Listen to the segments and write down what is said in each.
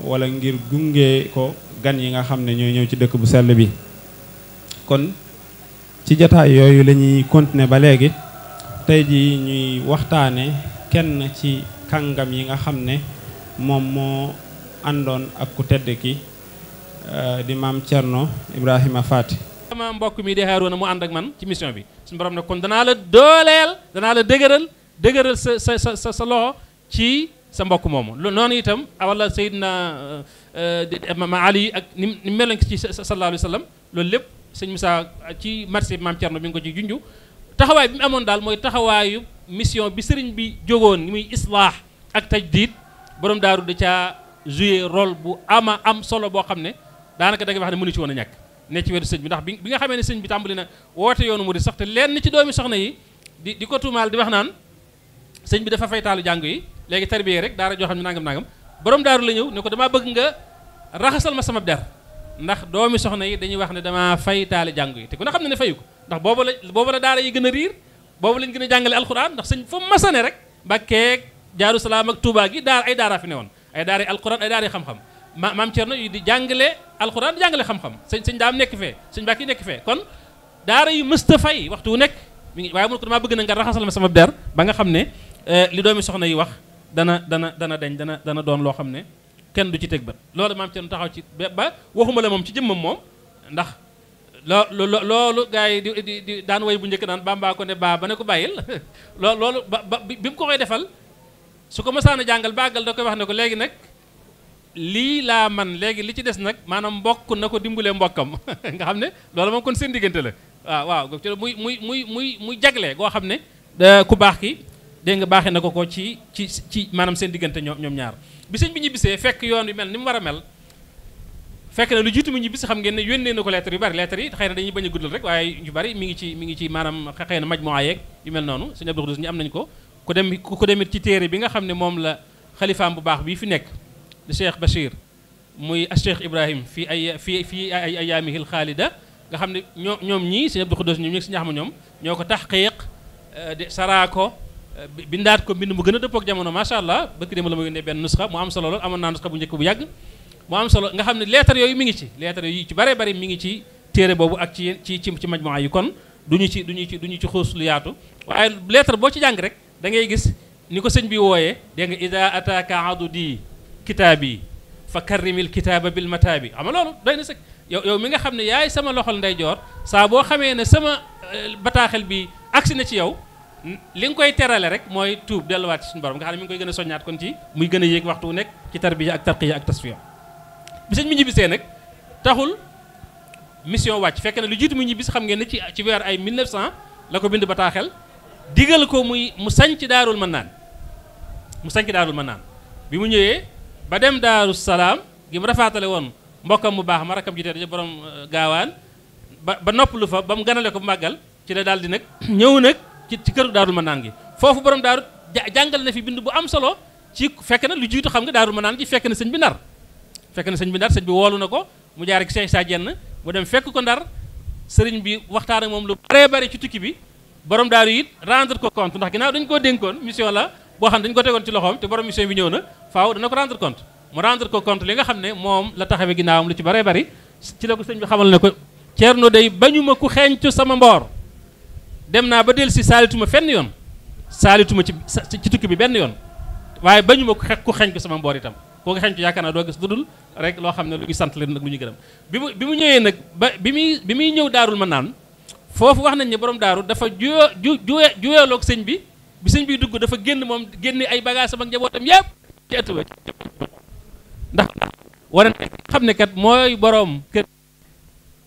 wala ngir gunge ko gan yi nga xam ne ñoo ñëw ci dëkk bu sell bi kon ci jataay yooyu la ñuy continuer ba léegi tey ji ñuy waxtaane kenn ci kàngam yi nga xam ne moom moo àndoon ak ku tedd ki euh, di maam Thierno Ibrahima Faty sama mbokk mi di na mu ànd ak man ci mission bi suñu borom ne kon danaa la dooleel danaa la dëgëral dëgëral sa sa sa loxo ci sa mbokk moomu lu noonu itam wala Seydina uh, uh, ma Ali ak ni ni meloon ci sa alayhi sa sallam loolu lépp sëñ Moussa uh, ci marché maam Thierno mi ngi ko ci junj taxawaay bi mu amoon daal mooy taxawaayu mission bi sëriñ bi jógoon muy islaax ak tajdiid borom daaru da caa joué rôle bu ama am solo boo xam ne daanaka da nga wax ne mënu ci woon a ñàkk ne ci wetu sëñ bi ndax bi bi nga xamee ne sëñ bi tàmbali na woote yoonu mu di sax te lenn ci doomi soxna yi di di ko tuumaal di wax naan sëñ bi dafa fay jàng yi léegi tarbiya rek daara joo xam ne nangam nangam daaru la ñëw ne ko damaa bëgg nga raxasal ma sama der ndax doomi soxna yi dañuy wax ne damaa fay taali jàngu yi te ku ne xam ne ne fayu ko ndax boobu la boobu la daara yi gën a riir boobu lañ gën a jàngale alquran ndax sëñ fu masane rek mbàkkeeg jaaru salaam ak tuubaa gi daar ay daara fi woon ay daara yi alquran ay yi xam-xam ma maam Cerno di jàngale alquran di jàngale xam-xam sëñ sëñ nekk fee sëñ bàkk yi nekk fee kon daara yu mësta fay waxtu wu nekk mi ngi waaye mun bëgg na nga raxasal ma sama der ba nga xam ne eh, li doomi soxna yi wax dana dana dana deñ dana dana doon loo xam ne kenn du ci teg ba loolu maam ci taxaw ci ba waxuma la moom ci jëmmam moom ndax loo loolu gars yi di di daan way bu njëkk naan bàmbaa ko ne baa ba ne ko bàyyil loolu loolu ba bi mu ko koy defal su ko mësaan a jàngal bàggal da koy wax ne ko léegi nag lii laa man léegi li ci des nag maanaam mbokk na ko dimbalee mbokkam nga xam ne loolu moom kon seen diggante la waaw waaw muy muy muy muy muy jagle goo xam ne ku baax ki dégg nga baaxee na ko ko ci ci ci maanaam seen diggante ñoom ñoom ñaar bi sëñ bi ñibbisee fekk yoon wi mel ni mu war a mel fekk na lu jiitu mu ñibbisi xam ngeen ne yónnee na ko lettre yu bari lettre yi xëy na dañuy bañ a guddal rek waaye yu bari mi ngi ci mi ngi ci maanam xëy na maj moo yeeg yu mel noonu sëñ Abdou Khoudoss ñi am nañ ko ku dem ku demit ci téere bi nga xam ne moom la xalifaam bu baax bii fi nekk di Cheikh Bachir muy Cheikh Ibrahim fii ay fii fii ay ayaamihil xaalida nga xam ne ñoo ñoom ñii sëñ Abdou Khoudoss ñoom ñi sëñ Ahmad ñoom ñoo ko taxqiq eh, saraa ko bindaat ko mbind mu gën a dëppook jamono macha allah bëkk démb la ma yónnee benn nusxa mu am solo lool amoon naa nusxa bu njëkk bu yàgg mu am solo nga xam ne leetar yooyu mi ngi ci leetar yooyu ci bare bare mi ngi ci téere boobu ak ci ci ci ci majmuwa yi kon du duñu ci duñu ci duñu ci xuus lu yaatu waaye leetar boo ci jàng rek da ngay gis ni ko sëñ bi wooyee dégg nga ida di adudi kitaabi fa karrimil kitaaba bil mataabi ama loolu doy na sëkk yow yow mi nga xam ne yaay sama loxol saa boo xamee ne sama euh, bataaxel bi agsi na ci yow li nga koy terale rek mooy tuub delluwaat ci suñu borom nga xam ne mi ngi koy gën a soññaat kon ci muy gën a yéeg waxtu nekk ñibbisee nag taxul mission wàcc fekk na lu jiitu mu ñibbis xam ngeen ne ci ci weer ay 1900 la ko bind bataaxel digal ko muy mu sanc daarul naan mu sanc daarul mannaan bi mu ñëwee ba dem daaru salaam gi mu rafaatale woon mbokkam mu baax ma rakkam ji tee borom euh, gaawaan ba ba noppalu fa ba mu ganale ko màggal ci la nag ñëw nag ci kër këru daarul manaan gi foofu borom daaru jàngal na fi bind bu am solo ci fekk na lu jiitu xam nga daarul manaan gi fekk na sëñ bi ndar fekk na sëñ bi ndar sëñ bi woolu na ko mu jaar ak Cheikh Sa Dieng mu dem fekk ko ndar sëriñ bi waxtaan ak moom la bare bare ci tukki bi borom daaru it rendre ko compte ndax ginnaaw dañu koo dénkoon mission la boo xam ne dañu ko tegoon ci loxoom te borom mission bi ñëw na faaw dana ko rendre compte mu rendre ko compte li nga xam ne moom la taxawee am lu ci bare bari ci la ko sëñ bi xamal ne ko Ceerno day bañuma ku xeeñcu sama mboor dem naa ba dellu si saalituma fenn yoon saalituma ci ci tukki bi benn yoon waaye bañu ma ko xeq ku xeñ ko sama mboor itam koo ko xeñ ko yaakaar naa doo gis dudul rek loo xam ne lu ñu sant leen nag lu ñu gërëm bi mu bi mu ñëwee nag ba bi muy bi muy ñëw daarul ma naan foofu wax nañ ne boroom daaru dafa juyoo ju juwe juweeloog sëñ bi bi sëñ biy dugg dafa génn moom génne ay bagage sama njabootam yëpp ci ëtt ba ndax war xam ne kat mooy borom kër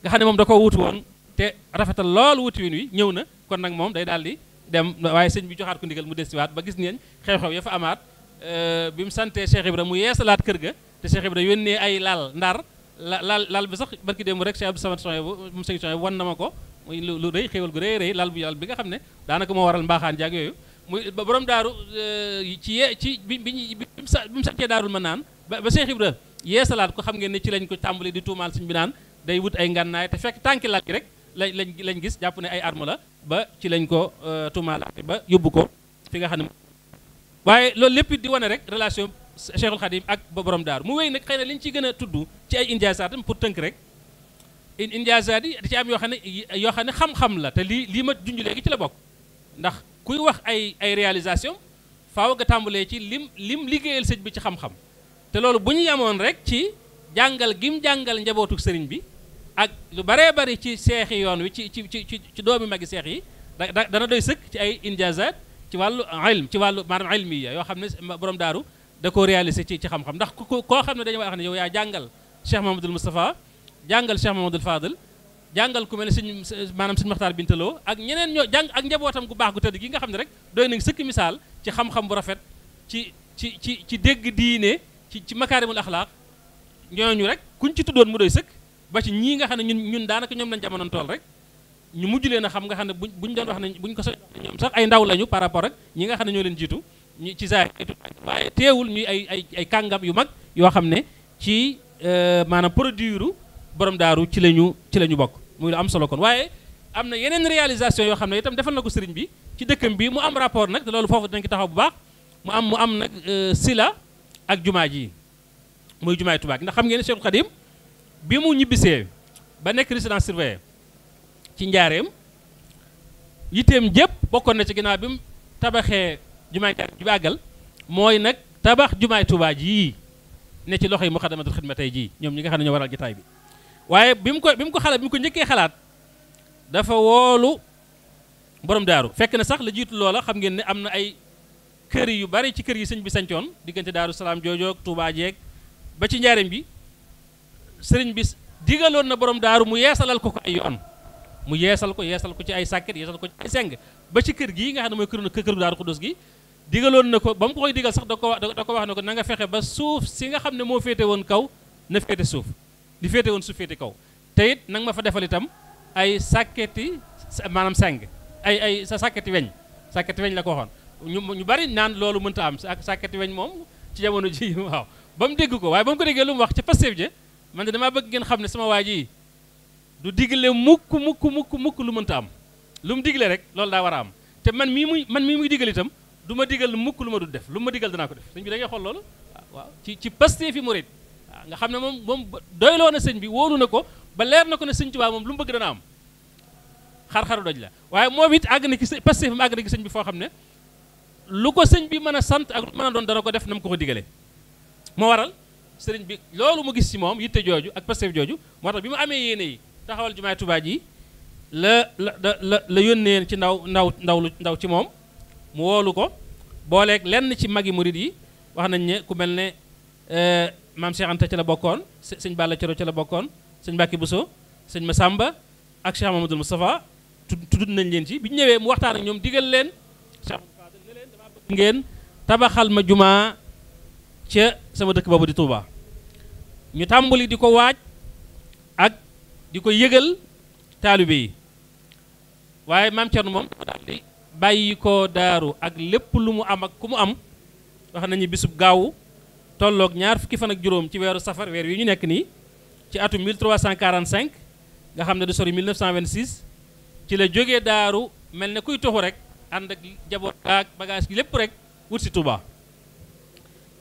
nga xam ne moom da wutu woon te rafetal lool wuti win wi ñëw na kon nag moom day daal di dem waaye sëñ bi joxaat ko ndigal mu desiwaat ba gis ngeen xew-xew ya fa amaat euh, bi mu santee Cheikh Ibra mu yeesalaat kër ga te Cheikh Ibra yónnee ay laal ndar laal laal bi sax barki démb rek Cheikh Abdou Samad Soye bu mu sëñ wan na ma ko muy lu rëy xéwal gu rëy rëy laal bu yàlla bi nga xam ne daanaka moo waral mbaaxaan jaag yooyu muy borom daaru euh, ci yee ci bi bi bi mu saccee daarul ma naan ba Cheikh Ibra yeesalaat ko xam ngeen ne ci lañ ko tàmbali di tuumaal suñ bi naan day wut ay ngànnaay te fekk tànki laaj rek lañ lañ lañ gis jàpp ne ay arme la ba ci lañ ko euh, tumaalaate ba yóbbu ko fi nga xam ne waaye loolu lépp di wane rek relation Cheikhul Khadim ak ba borom daaru mu wéy nag xëy na li ñu ciy gën a tudd ci ay indiasaat tam pour tënk rek indiasaat yi da ci am yoo xam ne yoo xam ne xam la te lii lii ma junj léegi ci la bokk ndax kuy wax ay ay réalisation faaw nga tàmbalee ci lim lim liggéeyal sëñ bi ci xam-xam te loolu bu ñu yamoon rek ci jàngal gim jàngal njabootu sëriñ bi ak lu baree bari ci seexi yoon wi ci ci ci ci doomi magi seex yi da dana doy sëkk ci ay injazat ci wàllu ilm ci wàllu maanaam ilmiya yoo xam ne borom daaru da koo réalisé ci ci xam-xam ndax ku koo xam ne dañu wax ne yow yaa jàngal Cheikh Mamadou Moustapha jàngal Cheikh Mamadou Fadil jàngal ku mel ne suñu maanaam suñu Maxtaar Bintaloo ak ñeneen ñoo jàng ak njabootam gu baax gu tëdd gi nga xam ne rek doy nañ sëkk misaal ci xam-xam bu rafet ci ci ci ci dégg diine ci ci makaarimul axlaaq ñooñu rek kuñ ci tuddoon mu doy sëkk ba ci ñii nga xam ne ñun ñun daanaka ñoom lañ jamonoon tool rek ñu mujj leen a xam nga xam ne buñ buñ doon wax ne buñ ko so ñoom sax ay ndaw lañu par rapport ak ñi nga xam ne ñoo leen jiitu ñu ci saa waaye teewul ñuy ay ay ay kàngam yu mag yoo xam ne ci euh, maanaam produire borom daaru ci lañu ci la ñu bokk muy lu am solo kon waaye am na yeneen réalisation yoo xam ne itam defal na ko sëriñ bi ci dëkkam bi mu am rapport nag loolu foofu dinañ ko taxaw bu baax mu am mu am euh, sila ak jumaa ji muy jumaay Tuubaa ndax xam ngeen ne Cheikh Khadim bi mu ñibbisee ba nekk résidence surveillée ci njaareem yitteem jëpp bokkoon na ci ginnaaw bi mu tabaxee jumaay ji bàggal mooy nag tabax jumaay Tuubaa ji ne ci loxo yi Muxaddamatul Xidma tey jii ñoom ñi nga xam ne ñoo waral jotaay bi waaye bi mu ko bi mu ko xalaat bi mu ko njëkkee xalaat dafa woolu boroom daaru fekk na sax la jiitu loola xam ngeen ni am na ay kër yu bari ci kër yi sëñ bi sancoon diggante daaru salaam joojoog Tuubaa jeeg ba ci njaareem bi sëriñ bi digaloon na borom daaru mu yeesalal ko ko ay yoon mu yeesal ko yeesal ko ci ay sàkket yeesal ko ci ay seng ba ci kër gii nga xam ne mooy kër kër daaru xudus gi digaloon na ko ba mu ko koy digal sax da ko da ko wax na ko na nga fexe ba suuf si nga xam ne moo féete woon kaw na féete suuf di féete woon suuf féete kaw te it nanga ma fa defal itam ay sàkketi maanaam seng ay ay sa sàkketi weñ sàkketi weñ la ko waxoon ñu ñu bari naan loolu mënta am sàkketi weñ moom ci jamono ji waaw dégg ko waaye ba mu ko wax ci Pastef je man de damaa bëgg ngeen xam ne sama waa ji du digle mukk mukk mukk mukk lu mënta am lu mu digle rek loolu daa war a am te man mii muy man mii muy digal itam du ma digal mukk lu ma dul def lu ma digal danaa ko def sëñ bi da ngay xool loolu ah, waaw ci ci pasté fi murit waaw ah, nga xam ne moom moom doyloo na sëñ bi wóolu na ko ba leer na ko ne sëñ Tuubaa moom lu mu bëgg dana am xar-xaru doj la waaye moom it àgg na ci pasté fi mu àgg na ci sëñ bi foo xam ne lu ko sëñ bi mën a sant ak mën a doon dana ko def na mu ko ko digalee moo waral sëriñ bi loolu mu gis ci moom yitte jooju ak pastef jooju moo tax bi mu amee yéene yi taxawal jumaay Tuubaa ji la la la la yónnee ci ndaw ndaw ndaw lu ndaw ci moom mu woolu ko booleeg lenn ci magi murid yi wax nañ ne ku mel ne eh, maam Cheikh Anta ci la bokkoon sëñ Balla Coro ci la bokkoon sëñ Mbàkke Buso sëñ Masamba ak Cheikh Mamadou Moustapha tudd nañ leen ci bi ñu ñëwee mu waxtaan ak ñoom digal leen Cheikh ngeen tabaxal ma jumaa ca sama dëkk boobu di Touba ñu tàmbali di ko waaj ak di ko yëgal taalibe yi waaye maam Thierno moom bàyyi ko daaru ak lépp lu mu am ak ku mu am wax nañu bisub gaawu tolloog ñaar fukki fan ak juróom ci weeru safar weer wi ñu nekk nii ci atum 1345 nga xam ne du sori 1926 ci la jógee daaru mel ni kuy toxu rek ànd ak jaboot ak bagage gi lépp rek wut si Touba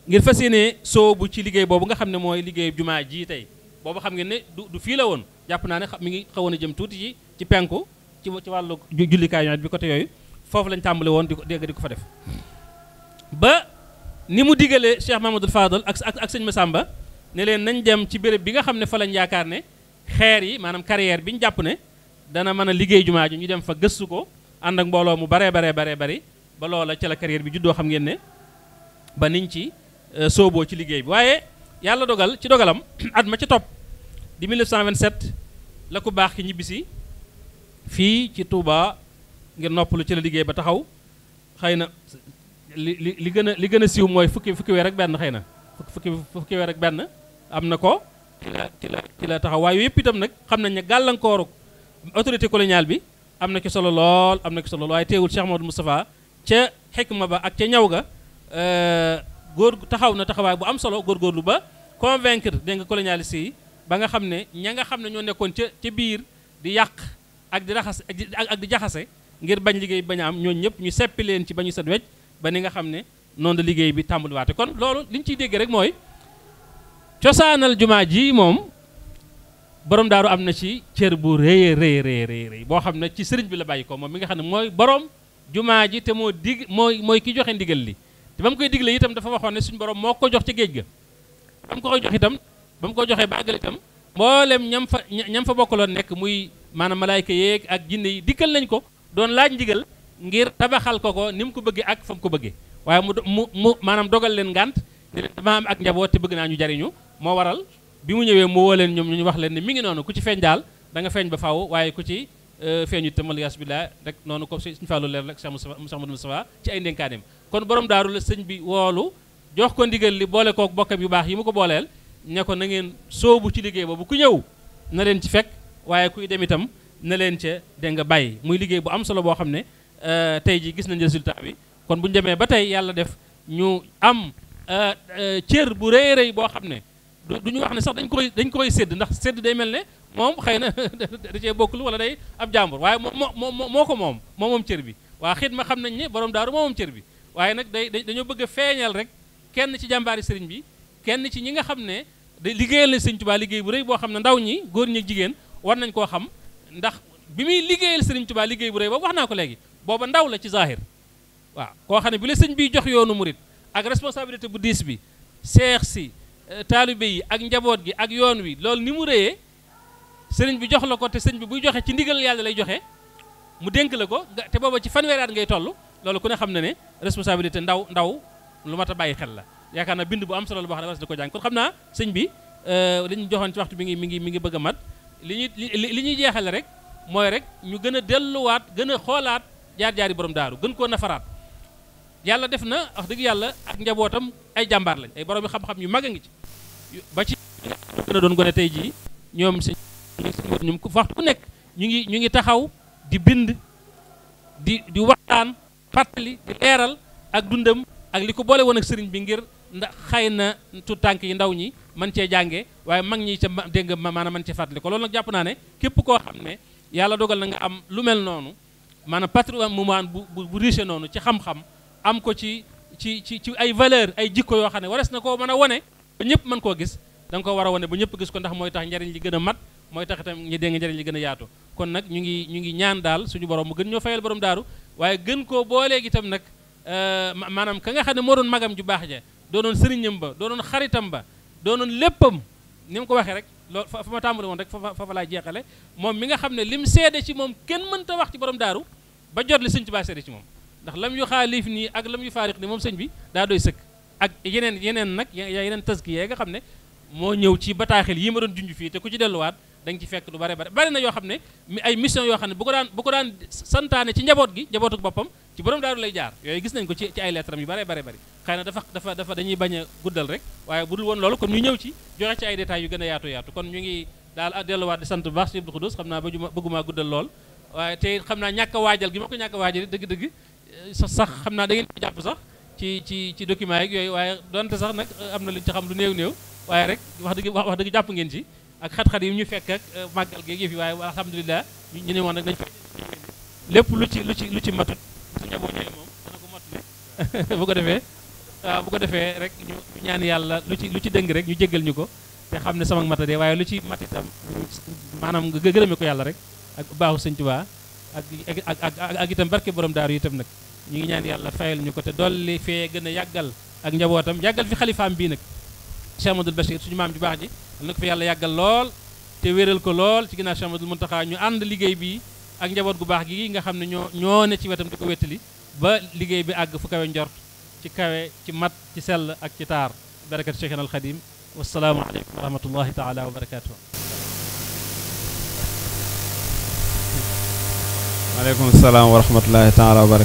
ngir fas yéene soobu ci liggéey boobu nga xam ne mooy liggéey jumaa jii tey boobu xam ngeen ne du du fii la woon jàpp naa ne mu ngi xawoon a jëm tuuti ci ci penku ci ci wàllu jullikaayu nawet bi côté yooyu foofu lañ tàmbale woon di ko dégg di ko fa def ba ni mu digalee Cheikh Mamadou Fadal ak ak ak sëñ Massamba ne leen nañ dem ci béréb bi nga xam ne fa lañ yaakaar ne xeer yi maanaam carrière bi ñu jàpp ne dana mën a liggéey jumaa ji ñu dem fa gëstu ko ànd ak mbooloo mu baree baree baree bari ba loola ca la carrière bi juddoo xam ngeen ne ba niñ ci Euh, sooboo ci liggéey bi waaye yàlla dogal ci dogalam at ma ci topp di 1927 la ku baax ki ñibbisi fii ci Touba ngir noppalu ci la liggéey ba taxaw xëy na li li li gën a li gën a siiw mooy fukki fukki weer ak benn xëy na fukki fukki weer ak benn am na ko. ci la ci taxaw waaye yooyu yëpp itam nag xam nañ ne gàllankooru autorité coloniale bi am na ci solo lool am na ci solo lool waaye teewul Cheikh ma Moustapha ca xikma ba ak ca ñaw ga. Euh, góor taxaw na taxawaay bu am solo góorgóorlu ba convaincre dégg nga colonialiste yi ba nga xam ne ña nga xam ne ñoo nekkoon ca ca biir di yàq ak di raxas ak di jaxase ngir bañ liggéey bañ am ñooñ ñëpp ñu seppi leen ci ba ñu set wecc ba ni nga xam ne noonu la liggéey bi tàmbaliwaate kon loolu li ciy déggee rek mooy cosaanal jumaa ji moom borom daaru am na ci cër bu rëy rëy rëy rëy boo xam ne ci sëriñ bi la bàyyi ko moom mi nga xam ne mooy borom jumaa ji te moo dig mooy mooy ki joxe ndigal li te ba mu koy digle itam dafa waxoon ne suñu borom moo ko jox ci géej ga ba mu ko koy jox itam ba mu ko joxee bàggal itam mboolem ñam fa ñam fa bokkaloon nekk muy maanaam malaayka yeeg ak jinne yi dikkal nañ ko doon laaj ndigal ngir tabaxal ko ko ni mu ko bëggee ak fa mu ko bëggee waaye mu mu mu maanaam dogal leen ngànt ne leen dama am ak njaboot te bëgg naa ñu jariñu moo waral bi mu ñëwee mu woo leen ñoom ñu wax leen ne mi ngi noonu ku ci feeñ daal danga feeñ ba faaw waaye ku ci Euh, feeñu itam alias billah rek noonu ko suñu fàllu leer rek Cheikh Mouhamadou Moustapha ci ay ndénkaaneem kon borom daaru la sëñ bi woolu jox ko ndigal li boole kook bokkam yu baax yi mu ko booleel ña ko na ngeen sóobu ci liggéey boobu ku ñëw na leen ci fekk waaye kuy dem itam na leen ca dégg nga bàyyi muy liggéey bu am solo boo xam ne euh, tey ji gis nañu résultat bi kon bu ñu demee ba tey yàlla def ñu am euh, cër bu rëy rëy boo xam ne du ñu wax ne sax dañ koy dañ koy sédd ndax sédd day mel ne moom xëy na da cee bokkul wala day ab jàmbur waaye moo moo moo ko moom moo moom cër bi waa xidma xam nañ ne borom daaru moo moom cër bi waaye nag day dañoo bëgg a feeñal rek kenn ci jàmbaari sëriñ bi kenn ci ñi nga xam ne da liggéeyal na liggéey bu rëy boo xam ne ndaw ñi góor ñi jigéen war nañ koo xam ndax bi muy liggéeyal sëriñ Tuubaa liggéey bu rëy boobu wax naa ko léegi booba ndaw la ci zahir waaw koo xam ne bi la sëñ biy jox yoonu murit ak responsabilité bu bi seex si eh, taalibe yi ak njaboot gi ak yoon wi loolu ni mu rëyee sëriñ bi jox la ko te sëriñ bi buy joxe ci ndigal yàlla lay joxe mu dénk la ko te booba ci fanweeri at ngay toll loolu ku ne xam na ne responsabilité ndaw ndaw lu mat bàyyi xel la yaakaar na bind bu am solo la boo xam ne ko jàng xam naa sëñ bi li euh, ñu joxoon ci waxtu mi ngi mi ngi mi ngi bëgg a mat li ñuy li ñuy jeexale rek mooy rek ñu gën a delluwaat gën a xoolaat jaar-jaari borom daaru gën koo nafaraat yàlla def na wax dëgg yàlla ak njabootam ay jàmbaar lañ ay borom yi xam-xam yu mag a ngi ci ba ci tey jii ñoom sëñ ñu ko waxtu ku nekk ñu ngi ñu ngi taxaw di bind di di waxtaan fàttali di leeral ak dundam ak li ko boole woon ak sëriñ bi ngir ndax xay na tu tànk yi ndaw ñi man cee jàngee waaye mag ñi ca dégg maanaam man cee fàttali ko loolu nag jàpp naa ne képp koo xam ne yàlla dogal na nga am lu mel noonu maanaam patrimoine bu bu riche noonu ci xam-xam am ko ci ci ci ci ay valeur ay jikko yoo xam ne wares na koo mën a wone ba ñëpp mën koo gis da nga ko war a wone ba ñëpp gis ko ndax mooy tax njariñ li gën a mat mooy tax itam ñu dégg njëriñ li gën a yaatu kon nag ñu ngi ñu ngi ñaan daal suñu borom mu gën ñoo fayal borom daaru waaye gën koo booleeg itam nag euh, maanaam ka nga xam ne moo doon magam ju baax ja doonoon sëriñam ba doonoon xaritam ba doonoon léppam ni mu ko waxee rek loolu fa ma tàmbali woon rek fa fa laa jeexale moom mi nga xam ne lim seede ci moom kenn mënta wax ci borom daaru ba jot li sëñ Tuubaa seede moom ndax lam yu xaalif nii ak lam yu faariq nii moom sëñ bi daa doy sëkk ak yeneen yeneen nag yeneen taskiya yi nga xam ne moo ñëw ci bataaxil yi ma doon junj fii te ku ci delluwaat da ci fekk lu bare bare bari na yoo xam ne mi ay mission yoo xam ne bu ko daan bu ko daan santaane ci njaboot gi njabootuk boppam ci borom daaru lay jaar yooyu gis nañ ko ci ci ay lettre am yu bare bare bari xëy na dafa dafa dafa dañuy bañ a guddal rek waaye bu dul woon loolu kon ñu ñëw ci joxe ci ay détails yu gën a yaatu yaatu kon ñu ngi daal delluwaat di sant bu baax si Abdou Khoudous xam naa bëgguma guddal lool waaye te xam naa ñàkk a waajal gi ma ko ñàkk a d dëgg-dëgg eh, sax sax xam naa da ngeen jàpp sax ci ci ci document yeeg yooyu waaye donte sax nag eh, am na lu ñu xam lu néew néew waaye rek wax dëgg wax dëgg jàpp ngeen ci ak xat-xat yi ñu fekk ak euh, màggal gi yëf yi waaye alhamdulilah ñu ne woon nag dañu lépp lu ci lu ci lu ci matut suñu aboo ñëwee moom ko matule bu ko defee waaw bu ko defee rek ñu ñaan yàlla lu ci lu ci dëng rek ñu jéggal ñu ko te xam ne sama matadee waaye lu ci mat itam maanaam nga gërëme ko yàlla rek ak baaxu sëñ Tuubaa ak ak ak ak itam barke borom daaru itam nag ñu ngi ñaan yàlla fayal ñu ko te dolli fee gën a yàggal ak njabootam yàggal fi xalifaam bii nag Cheikh Amadou Bachir suñu maam ju baax ji na ko fi yàlla yàggal lool te wéral ko lool ci ginnaaw Cheikh Ahmadul Muntaxa ñu ànd liggéey bi ak njaboot gu baax gi nga xam ne ñoo ñoo ne ci wetam di ko wettali ba liggéey bi àgg fu kawe njort ci kawe ci mat ci sell ak ci taar barakat Cheikhana al wa rahmatullahi taala wa salaam wa rahmatullahi taala wa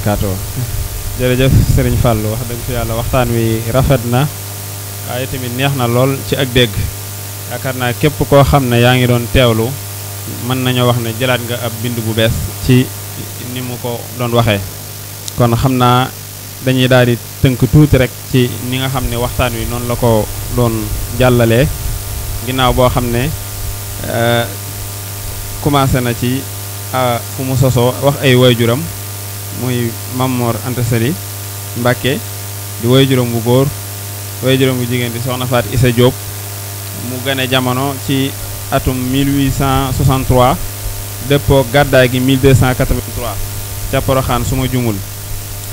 jërëjëf Serigne Fall wax dëgg fi yàlla waxtaan wi rafet na waaye tamit neex na lool ci ak dégg yaakaar naa képp koo xam ne yaa ngi doon teewlu mën nañoo wax ne jëlaat nga ab bind bu bees ci ni mu ko doon waxee kon xam naa dañuy daal di tënk tuuti rek ci ni nga xam ne waxtaan wi noonu la ko doon jàllale ginnaaw boo xam ne eh, commencé na ci fu mu sosoo wax ay waajuram muy Mamor Anta Sali Mbàkke di waajuram bu góor waajuram bu jigéen di soxna Faat Isa Diop mu gane jamono ci atum 1863 dëppoo gàddaay gi 1283 ca Poroxaan su ma jumul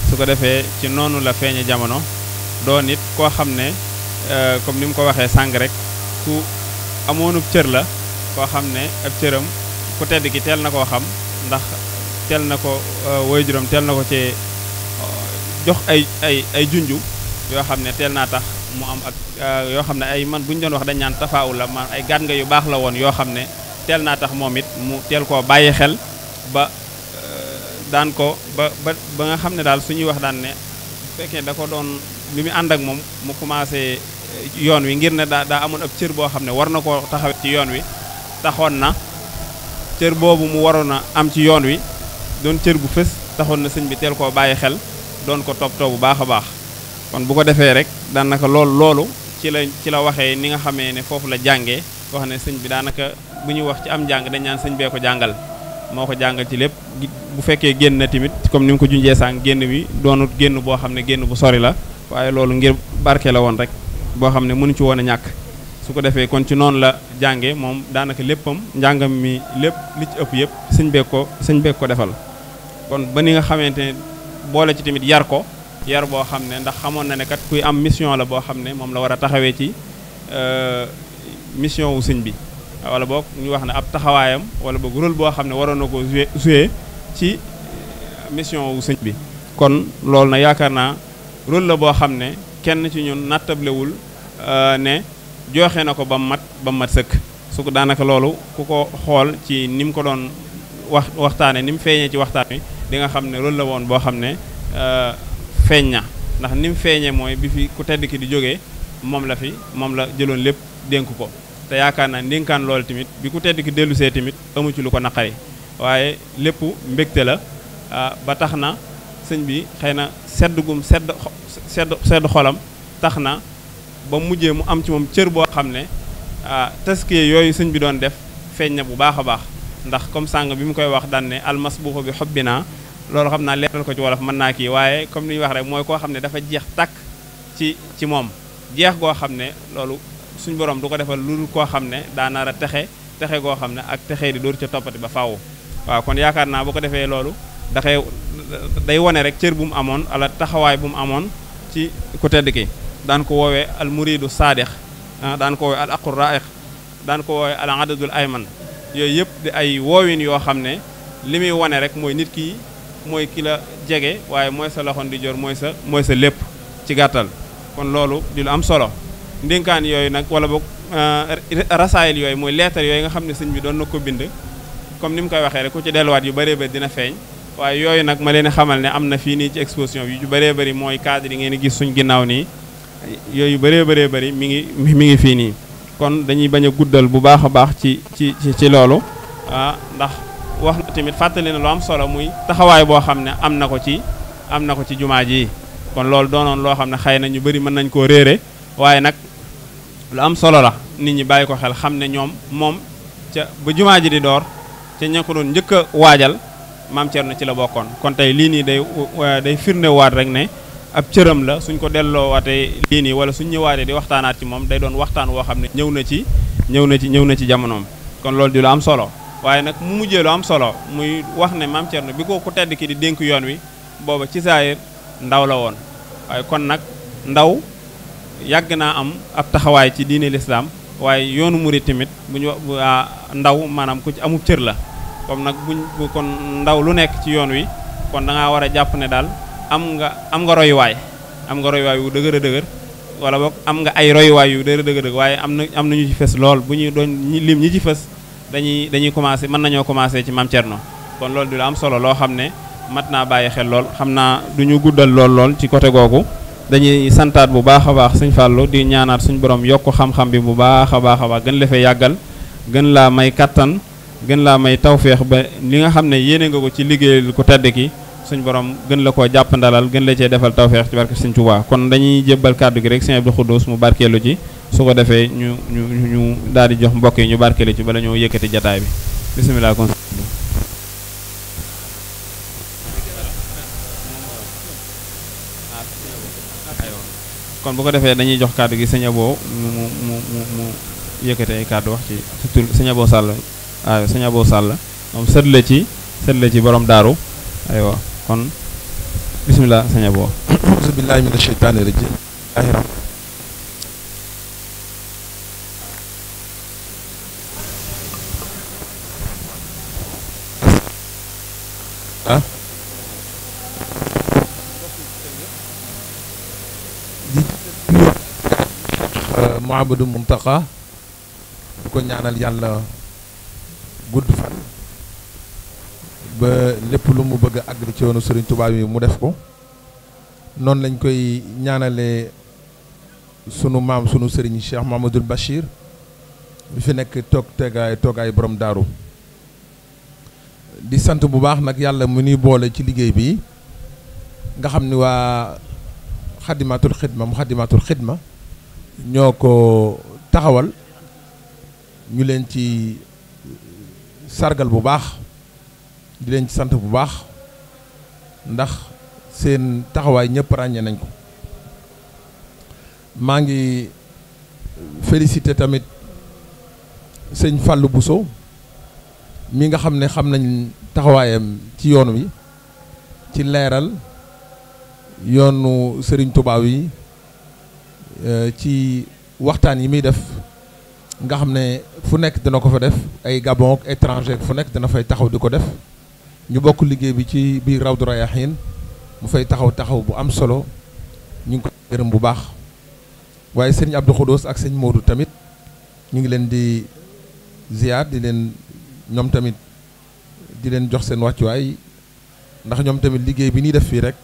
su ko defee ci noonu la feeñe jamono doon it koo xam ne euh, comme ni mu ko waxee sàng rek ku amoonub cër la koo xam ne ab cëram ku tedd ki teel na koo xam ndax teel na ko euh, waajuram teel na ko ci euh, jox ay ay ay junju yoo xam ne teel naa tax mu am ak euh, yoo xam ne ay man bu ñu doon wax dañ naan tafaawul la man ay gàtt nga yu baax la woon yoo xam ne teel naa tax moom it mu teel koo bàyyi xel ba euh, daan ko ba ba ba nga xam ne daal su ñuy wax daan ne fekkee da ko doon li muy ànd ak moom mu commencé euh, yoon wi ngir ne daa daa amoon ab cër boo xam ne war na koo taxawee ci yoon wi taxoon na cër boobu mu waroon a am ci yoon wi doon cër bu fës taxoon na sëñ bi teel koo bàyyi xel doon ko toppatoo bu baax a baax kon bu ko defee rek daanaka loolu loolu ci la ci la waxee ni nga xamee ne foofu la jàngee wax ne sëñ bi daanaka bu ñuy wax ci am jàng dañ naan sëñ bee ko jàngal moo ko jàngal ci lépp bu fekkee génn na tamit comme ni mu ko junjee sànq génn bi doonut génn boo xam ne génn bu sori la waaye loolu ngir barke la woon rek boo xam ne mënu ci woon a ñàkk su ko defee kon ci noonu la jànge moom daanaka léppam njàngam mi lépp li ci ëpp yëpp sëñ beek ko sëñ beek defal kon xamante ne boole ci tamit yar ko yar boo xam ne ndax xamoon na ne kat kuy am mission la boo xam ne moom la war a taxawee ci euh, mission wu sëñ bi wala boog ñu wax ne ab taxawaayam wala boog boo xam ne waroon na ko jouer ci euh, mission wu sëñ bi kon loolu na yaakaar naa rôle la boo xam ne kenn ci ñun nattablewul euh, ne joxe na ko ba mat ba mu mat sëkk su ko daanaka loolu ku ko xool ci ni mu ko doon wax waxtaane ni mu feeñee ci waxtaan wi di nga xam ne rôle la woon boo xam ne feeñ na ndax ni mu feeñee mooy bi fi ku tedd ki di jógee moom la fi moom la jëloon lépp dénk ko te yaakaar naa ndénkaan loolu tamit bi ku tedd ki dellu see tamit amu ci lu ko naqari waaye lépp mbégte la ah, ba tax na sëñ bi xëy na sedd gum sedd sedd xolam tax na ba mu mujjee mu am ci moom cër boo xam ne ah, taskiye yooyu sëñ bi doon def feeñ na bu baax a baax ndax comme sàng bi mu koy wax daan ne almasbuuxu bi naa loolu xam naa leeral ko ci wolof man naa kii waaye comme ni ñu wax rek mooy koo xam ne dafa jeex tàkk ci ci moom jeex goo xam ne loolu suñu borom du ko defal lu koo xam ne daa texe texe goo xam ne ak texe di dóor ca toppati ba faw waaw kon yaakaar naa bu ko defee loolu dafay day wane rek cër bu mu amoon ala taxawaay bu mu amoon ci ku tedd ki daan ko woowee al muridu saadix ah, daan ko woowee al aqur raaiq daan ko woowee al adadul yooyu yëpp di ay woowin yoo xam ne li muy wane rek mooy nit ki mooy ki la jege waaye mooy sa loxo jor mooy sa mooy sa lépp ci gàttal kon loolu di lu am solo ndénkaan yooyu nag wala boog euh, rasaayil yooyu mooy leetar yooyu nga xam ne sëñ bi doon na ko bind comme ni mu koy waxee rek ku ci delluwaat yu bëree bëri dina feeñ waaye yooyu nag ma leen xamal ne am na fii nii ci exposition bi yu bëree bari mooy cadre yi ngeen gis suñ ginnaaw nii yooyu bëree baree bari mi ngi mi ngi fii nii kon dañuy bañ a guddal bu baax a baax ci ci ci loolu ah wax na tamit fàttali na lu am solo muy taxawaay boo xam ne am na ko ci am na ko ci jumaa ji kon loolu doonoon loo xam ne xëy na ñu bëri mën nañ koo réere waaye nag lu am solo la nit ñi bàyyi ko xel xam ne ñoom moom ca ba jumaa ji di door ca ña ko doon njëkk a waajal maam na ci la bokkoon kon tey lii nii day uh, day firnde waat rek ne ab cëram la suñ ko delloo delloowaatee lii nii wala suñ ñëwaatee di waxtaanaat ci moom day doon waxtaan woo xam ne ñëw na ci ñëw na ci ñëw na ci jamonoom kon loolu di lu am solo waaye nag mu mujje lu am solo muy wax ne maam nag bi ko ku tedd ki di dénk yoon wi booba ci saayir ndaw la woon waaye kon nag ndaw yàgg naa am ab taxawaay ci diine lislaam waaye yoonu muri tamit bu ñu ah, ndaw maanaam ku ci amub cër la comme nag buñ kon ndaw lu nekk ci yoon wi kon da war a jàpp ne daal am nga am nga royuwaay am nga royuwaay wu dëgër a dëgër am nga ay royuwaay yu dëgër a waaye am na am na ñu ci fës lool bu ñuy doon lim ñi ci fës dañuy dañuy commencé mën nañoo commencé ci Mame Thierno kon loolu di la am solo loo xam ne mat naa bàyyi xel lool xam naa du ñu guddal lool lool ci côté googu dañuy santaat bu baax a baax suñ fàllu di ñaanaat suñ borom yokk xam-xam bi bu baax a baax a baax gën la fee yàggal gën laa may kattan gën laa may tawféex ba li nga xam ne yéene nga ko ci liggéeyal ku tedd ki suñ borom gën la koo jàpp ndalal gën la cee defal tawféex ci barke Sëñ Tuubaa kon dañuy jébbal kàddu gi rek Sëñ Abdou Khoudous mu barkeelu ci su ko defee ñu ñu ñu daal di jox mbokk yi ñu barkele ci bala ñoo yëkkati jataay bi bisimilah. kon bu ko defee dañuy jox kàddu gi sëñaboo Abo mu mu mu mu yëkkatee kàddu wax ci surtout sëñ Abo Sall waaw moom sët ci sët ci borom daaru aywa kon bisimilah sëñ Abo. Mouhamadou ko ñaanal yàlla gudd lépp lu mu bëgg a ci yoonu Serigne Touba yi mu def ko noonu lañ koy ñaanale sunu maam sunu Serigne Cheikh Mouhamadoul Bachir bi fi nekk toog toogaay borom daaru di sant bu baax nag yàlla mu nuy boole ci liggéey bi nga xam ni waa xadimatul xidma mu xadimatul xidma ñoo ko taxawal ñu leen ci sargal bu baax di leen ci sant bu baax ndax seen taxawaay ñëpp ràññee nañ ko maa ngi félicité tamit sëñ bu Bousso mi nga xam ne xam nañ taxawaayam ci yoon wi ci leeral yoonu sëriñ Touba yi Euh, ci waxtaan yi muy def nga xam ne fu nekk dana ko fa def ay Gabon ak étranger fu nekk dana fay taxaw di ko def ñu bokk liggéey bi ci biir raw Rawdu Rayaahiin mu fay taxaw taxaw bu am solo ñu ngi ko gërëm bu baax waaye sëñ Abdou Khoudous ak sëñ Modou tamit ñu ngi leen di ziyaar di leen ñoom tamit di leen jox seen wàccuwaay ndax ñoom tamit liggéey bi ñuy def fii rek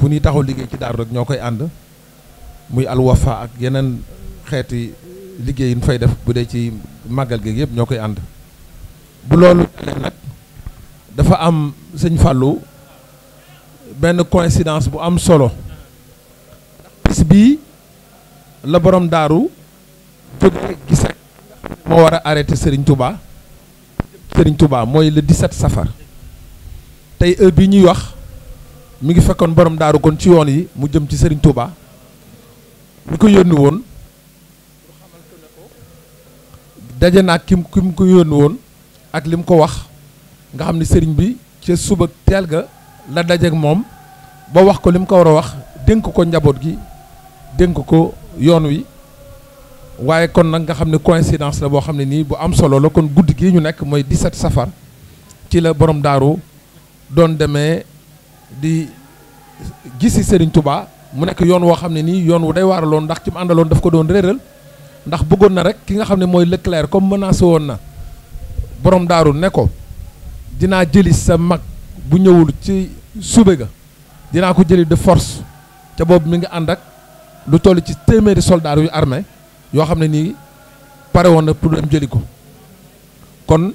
fu nuy taxaw liggéey ci daaru rek ñoo koy ànd muy alwafa ak yeneen xeeti liggéey yu ñu fay def bu dee ci màggal gi yëpp ñoo koy ànd bu loolu dafa am sëñ Fallou benn coïncidence bu am solo bis bii la borom daaru jóge gis ak moo war a arrêté Serigne Touba Serigne Touba mooy le 17 safar tey heure bi ñuy wax mu ngi fekkoon borom daaru kon ci yoon yi mu jëm ci Serigne Touba. mi ko yónni woon daje naag ki ki mu ko yónni ak li mu ko wax nga xam ne sëriñ bi ca suba teel ga la dajeeg moom ba wax ko li mu ko war a wax dénk ko njaboot gi dénk ko yoon wi waaye kon nag nga xam ne coïncidence la boo xam ne nii bu am solo la kon guddi gii ñu nekk mooy 17 safar ci la borom daaru doon demee di gisi sëriñ tubaa mu nekk yoon woo xam ne nii yoon wu day waaraloon ndax ki mu àndaloon daf ko doon réeral ndax bëggoon na rek ki nga xam ne mooy Leclerc comme menacé woon na borom daaru ne ko dinaa jëli sa mag bu ñëwul ci sube ga dinaa ko jëli de force ca boobu mi ngi ànd ak lu toll ci téeméeri soldat yu armé yoo xam ne nii pare woon na pour dem jëli ko kon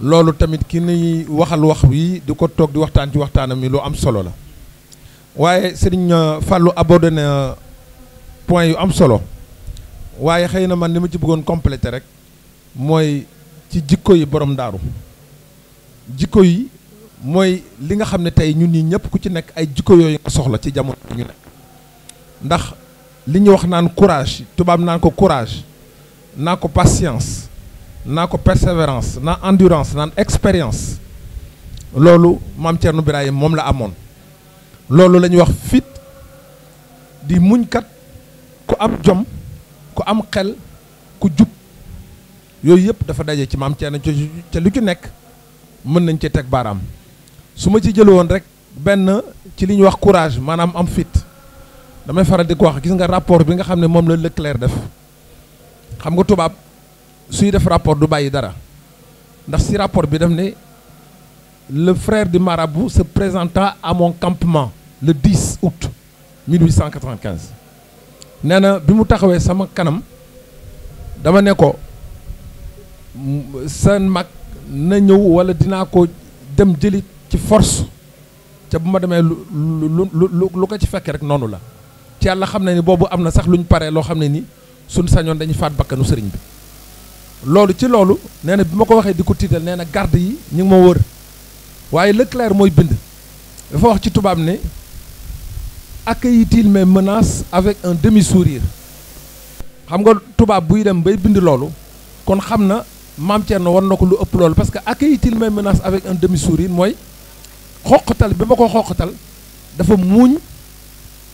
loolu tamit ki ni waxal wax wi di ko toog di waxtaan ci waxtaanam mi lu am solo la waaye Serigne euh, Fallou abordé euh, point yu am solo waaye xëy na man li ma ci bëggoon complété rek mooy ci jikko yi borom daaru jikko yi mooy li nga xam ne tey ñun ñi ñëpp ku ci nekk ay jikko yooyu soxla ci jamono ñu ndax li ñu wax naan courage tubaab naan ko courage naa ko patience naa ko persévérance naa endurance naan expérience loolu maam Thierno Birahim moom la amoon loolu la ñuy wax fit di muñkat ku am jom ku am xel ku jub yooyu yëpp dafa daje ci maam Thierno ca lu ci nekk mën nañ ci teg baaraam su ma ci jël woon rek benn ci li ñuy wax courage maanaam am fit damay faral di ko wax gis nga rapport bi nga xam ne moom la Leclerc def xam nga tubaab suy def rapport du bàyyi dara ndax si rapport bi daf ne le frère di marabout se présenta à mon le 10 août 1895 nee na bi mu taxawee sama kanam dama ne ko seen mag na ñëw walla dinaa ko dem jëli ci force ca bu ma demee lu lu lu ko ci fekkee rek noonu la ci yàlla xam ne ni boobu am na sax luñ pare loo xam ne ni suñ sañoon dañuy faat bakkanu sëriñ bi loolu ci loolu nee na bi ma ko waxee di ko tiital nee na garde yi ñu ngi ma wër waaye Leclerc mooy bind dafa wax ci tubaab ni ak il mes menaces avec un demi-sourire xam nga tubaab buy dem bay bind loolu kon xam na maam na war na ko lu ëpp loolu parce que ak il mes menaces avec un demi-sourire mooy xoqatal bi ma ko xoqatal dafa muuñ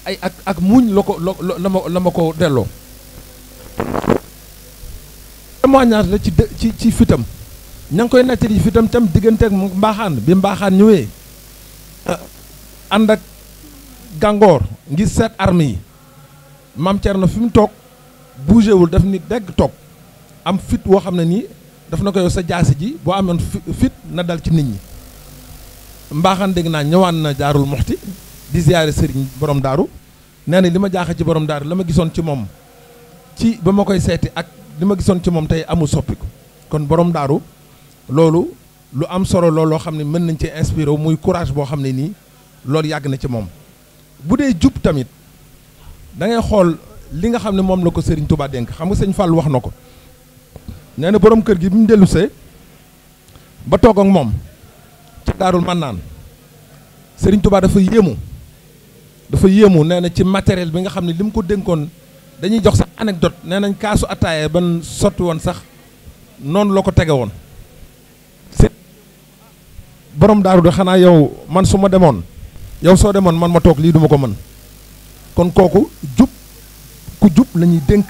ay ak ak muuñ la ko la ma la ma ko delloo témoignage la ci ci ci fitam ña ngi koy nettali fitam tam digganteeg mbaaxaan bi mbaaxaan ñëwee ah, ànd ak gàngoor ngir seet arme yi maam na fi mu toog bougé wul daf ni dégg toog am fit woo xam ne nii daf na ko sa jaasi ji boo amoon fit na dal ci nit ñi mbaaxan dégg naa ñëwaan na jaarul moxti di ziyaare sëriñ borom daaru nee na li ma jaaxe ci borom daaru la ma gisoon ci moom ci ba ma koy seeti ak li ma gisoon ci moom tey amul soppiku kon borom daaru loolu lu am solo loo xam ne mën nañ ci inspiré wu muy courage boo xam ne nii loolu yàgg na ci moom bu dee jub tamit dangay xool li nga xam ne moom la ko Serigne Touba dénk xam nga sëñ Fall wax na ko nee na borom kër gi bi mu dellusee ba toog ak moom ca daarul man naan Serigne Touba dafa yéemu dafa yéemu nee na ci matériel bi nga xam ne li mu ko dénkoon dañuy jox sax anecdote nee nañ kaasu attaaye ban sotti woon sax noonu la ko tege woon. borom daaru de xanaa yow man su ma demoon. yow soo demoon man ma toog lii duma ko mën kon kooku jub ku jub la ñuy dénk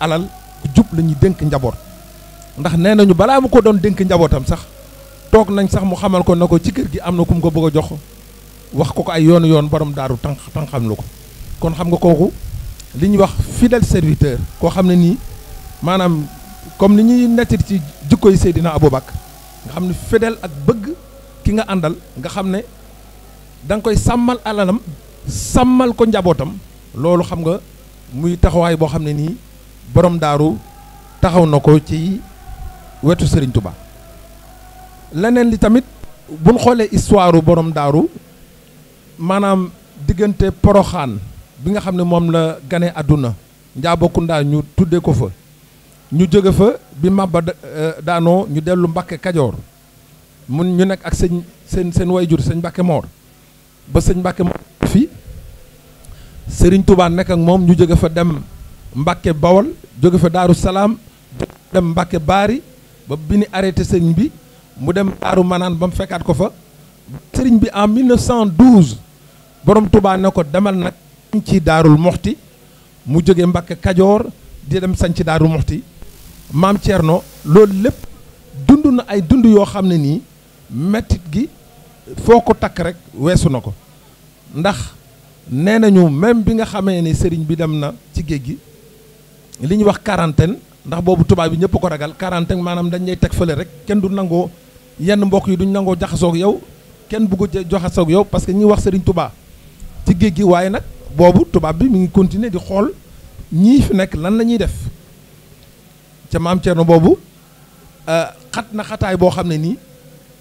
alal ku jub la ñuy dénk njaboot ndax nee nañu balaa mu ko doon dénk njabootam sax toog nañ sax mu xamal ko na ko ci kër gi am na ku mu ko bëgg a jox wax ko ko ay yoonu yoon borom daaru tànk tànkam lu ko kon xam nga kooku li ñuy wax fidèle serviteur koo xam ne nii maanaam comme ni ñuy nettit ci jikko yi Seydina Aboubacar nga xam ne fidèle ak bëgg ki nga àndal nga xam ne da nga koy sàmmal alalam sàmmal ko njabootam loolu xam nga muy taxawaay boo xam ne nii borom daaru taxaw na ko ci wetu Serigne Touba leneen li tamit buñ xoolee histoire borom daaru maanaam diggante poroxaan bi nga xam ne moom la gane àdduna Njaabokunda ñu tuddee ko fa ñu jóge fa bi Màbba euh, daanoo ñu dellu Mbàkke Kajoor mun ñu nekk ak seen seen seen jur seen Mbàkke Moor ba sëñ Mbàkke moom fii sëriñ Touba nekk ak moom ñu jóge fa dem Mbàkke Bawol jóge fa Daaru Salaam dem Mbàkke Baari ba bi ni arrêté sëriñ bi mu dem Daaru Manaan ba mu fekkaat ko fa sëriñ bi en 1912 borom Touba ne ko demal nag ci Daarul Moxti mu jóge Mbàkke Kajoor di dem sañ ci Daaru Moxti maam no loolu lépp dund na ay dund yoo xam ne nii mettit gi foo ko takk rek weesu na ko ndax nee nañu même bi nga xamee ni sëriñ bi dem na ci géej gi li ñuy wax quarantaine ndax boobu tubaab bi ñëpp ko ragal quarantaine maanaam dañ lay teg fële rek kenn du nangoo yenn mbokk yi duñ nangoo jaxasoog yow kenn bëgg joxasoog yow parce que ñi wax sëriñ tubaa ci géej gi waaye nag boobu tubaab bi mu ngi continuer di xool ñii fi nekk lan la ñuy def ca maam Thierno boobu euh, xat na xataay boo xam ne nii.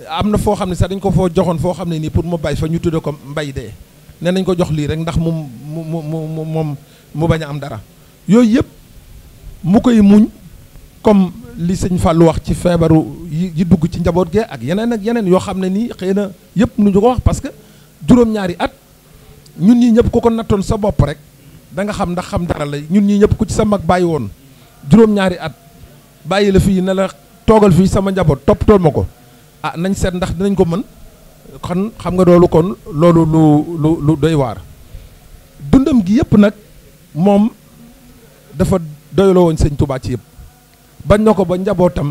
am na foo xam ne sax dañ ko foo joxoon foo xam ne nii pour mu bay fa ñu tudde ko mbay dee ne nañ ko jox lii rek ndax mu mu mu moom mu bañ a am dara yooyu yëpp mu koy muñ comme li sëñ Fallou wax ci feebaru yi dugg ci njaboot gee ak yeneen ak yeneen yoo xam ne nii xëy na yëpp nu ñu ko wax parce que juróom-ñaari at ñun ñi ñëpp ku ko nattoon sa bopp rek da nga xam ndax xam dara la ñun ñii ñëpp ko ci sa mag bàyyi woon juróom-ñaari at bàyyi la fi ne la toogal fii sama njaboot toppatoo ma ko ah nañ seet ndax dinañ ko mën kon xam nga loolu kon loolu lu lu lu doy waar dundam gi yëpp nag moom dafa doyloo woon sëñ Touba ci yépp bañ na ko ba njabootam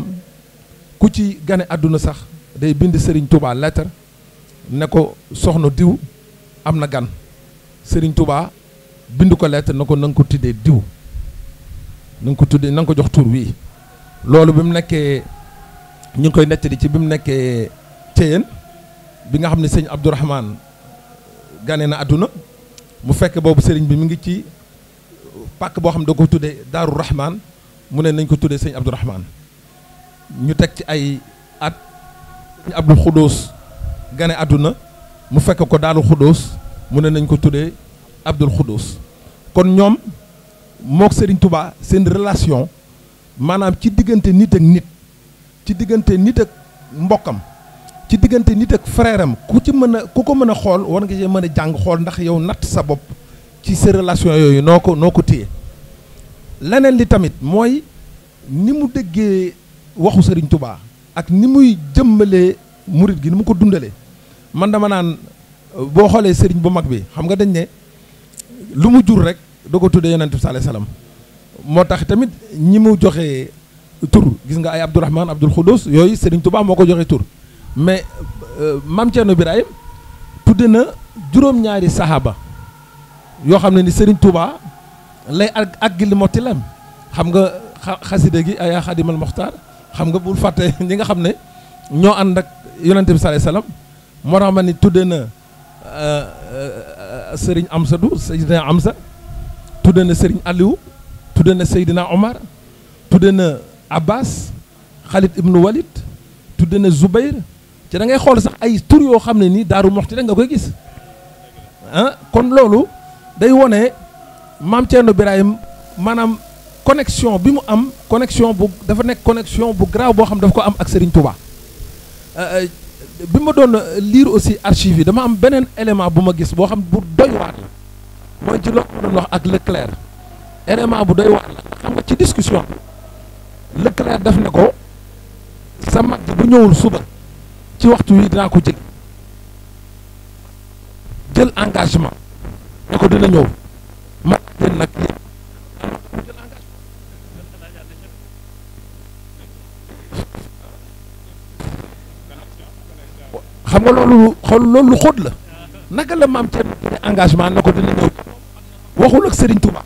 ku ci gane àdduna sax day bind sëriñ Touba lettre ne ko soxna diw am na gan sëriñ tubaa bind ko lettre ne ko nanga ko tiddee diw na ko tuddee na nga ko jox tur wii loolu bi mu nekkee. ñu ngi koy nettali ci bi mu nekkee Téyeen bi nga xam ne sëñ Abdourahman gane na àdduna mu fekk boobu sëriñ bi mu ngi ci pàkk boo xam ne da ko tuddee Daaru Rahman mu ne nañ ko tuddee sëñ Abdourahman ñu teg ci ay at sëñ Abdou Khoudous gane àdduna mu fekk ko Daaru Khoudous mu ne nañ ko tuddee Abdoul Khoudous kon ñoom mook Serigne tubaa seen relation maanaam ci diggante nit ak nit ci diggante nit ak mbokkam ci diggante nit ak frère ku ci mën a ku ko mën a xool war nga cee mën a jàng xool ndax yow natt sa bopp ci sa relation yooyu noo ko noo ko téye leneen li tamit mooy ni mu déggee waxu Serigne Touba ak ni muy jëmbalee murit gi ni mu ko dundalee man dama naan boo xoolee Serigne bu mag bi xam nga dañ ne lu mu jur rek da ko tuddee yonent bi sallallahu alayhi moo tax tamit ñi mu joxe. tur gis nga ay Abdourahman Abdoul Khoudous yooyu Serigne Touba moo ko joxe tur mais euh, Mame Thierno Birahim tudde na juróom-ñaari sahaba yoo xam ne ni Serigne Touba lay ak àggil mottilam xam nga xasida gi ayaa xadimal moxtaar xam nga bul fàtte li nga xam ne ñoo ànd ak yonente bi sallallahu alayhi wasallam moo tax ma ni tudde na euh, euh, Serigne Amsadou Seydina Amsa tudde na Serigne Aliou tudde na Seydina Omar tudde na Abbas Khalid ibnu walit tudde na Zubayr ci da ngay xool sax ay tur yoo xam ne nii Daaru Muxti rek nga koy gis ah kon loolu day wone maam Thierno Birahim maanaam connexion bi mu am connexion bu dafa nekk connexion bu grave boo xam dafa ko am ak Serigne Touba ah, ah, bi ma doon euh, liir aussi archives yi dama am beneen élément bu ma gis boo xam bu doy waar la mooy ci loolu ma wax ak Leclerc élément bu doy waar la xam ci discussion bi Leclerc def na ko sa mag bu ñëwul suba ci waxtu wi dinaa ko jël jël engagement ne ko dina ñëw mag leen xam nga loolu xool loolu lu xóot la naka la maam Thierno jëlee engagement ne ko dina ñëw waxul ak Serigne Touba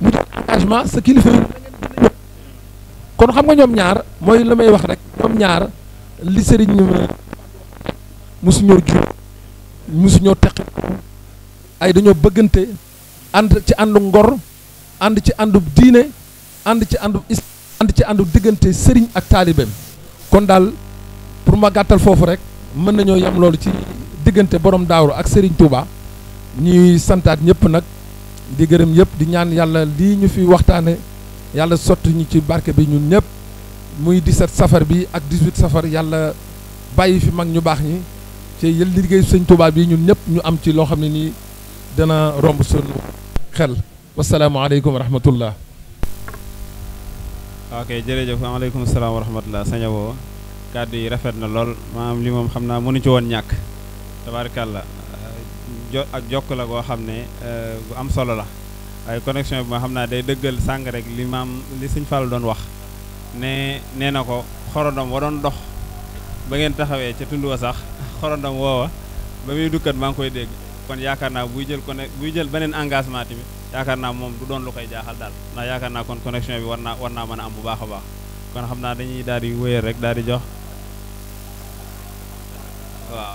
mu jël engagement sa kilifa yi kon xam nga ñoom ñaar mooy la may wax rek ñoom ñaar li sëriñ mosu ñoo jur mosu ñoo teq ay dañoo bëggante ànd ci àndu ngor ànd ci àndu diine ànd ci àndu is ànd ci àndu diggante sëriñ ak taalibeem kon daal pour ma gàttal foofu rek mën nañoo yem loolu ci diggante borom daaru ak sëriñ Touba ñuy santaat ñëpp nag di gërëm yëpp di ñaan yàlla lii ñu fi waxtaane yàlla sotti ñu ci barke bi ñun ñëpp muy 17 safar bi ak 18 safar yàlla bàyyi fi mag ñu baax ñi ci yël liggéey sëñ tubaab bi ñun ñëpp ñu am ci loo xam ne nii dana romb sunu xel wasalaamaaleykum wa rahmatullah ok jërëjëf waaleykum salaam wa rahmatullah sëñ yi rafet na lool maanaam li moom xam naa mënu ci woon ñàkk tabaarkalla jo ak jokk la goo xam ne bu eh, am solo la waaye connexion bi ma xam naa day dëggal sàng rek li maam li suñ Fall doon wax ne nee na ko xorondom wa doon dox ba ngeen taxawee ca tund wa sax xorondom woowa ba muy dukkat maa ngi koy dégg kon yaakaar naa buy jël conne buy jël beneen engagement tamit yaakaar naa moom du doon lu koy jaaxal daal ndax yaakaar naa kon connexion bi war naa war naa mën a am bu baax a baax kon xam naa dañuy daal di wéyal rek daal di jox waaw.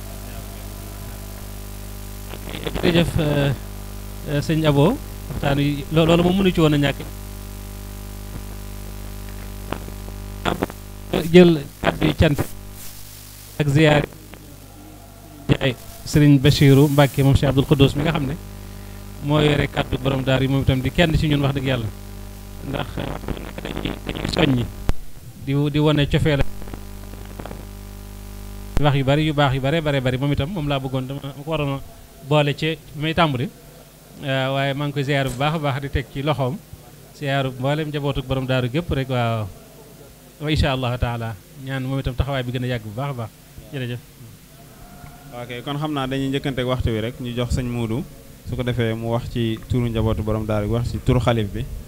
Euh, euh, waxtaan yi loolu moom mënu ci woon a ñàkk jël kàddu cant ak ziyaar jaay Serigne Bachiru Mbàkke moom Cheikh Abdoul Khoudous mi nga xam ne moo yore kàddu borom daar yi moom itam di kenn ci ñun wax dëgg yàlla ndax uh, dañuy soññi di di wane cofee la wax yu bari yu baax yu bare bare bari moom itam moom laa bëggoon dama ko waroon a boole ci may tàmbali waaye maa ngi koy bu baax a baax di teg ci loxoom ziar mboolem njabootuk borom daaru gépp rek waaw incha allahu taala ñaan moom itam taxawaay bi gën a yàgg bu baax a baax jërëjëf. ok kon xam naa dañuy njëkkanteeg waxtu wi rek ñu jox sañ Muudu su ko defee mu wax ci turu njabootu borom daaru wax ci turu xalif bi.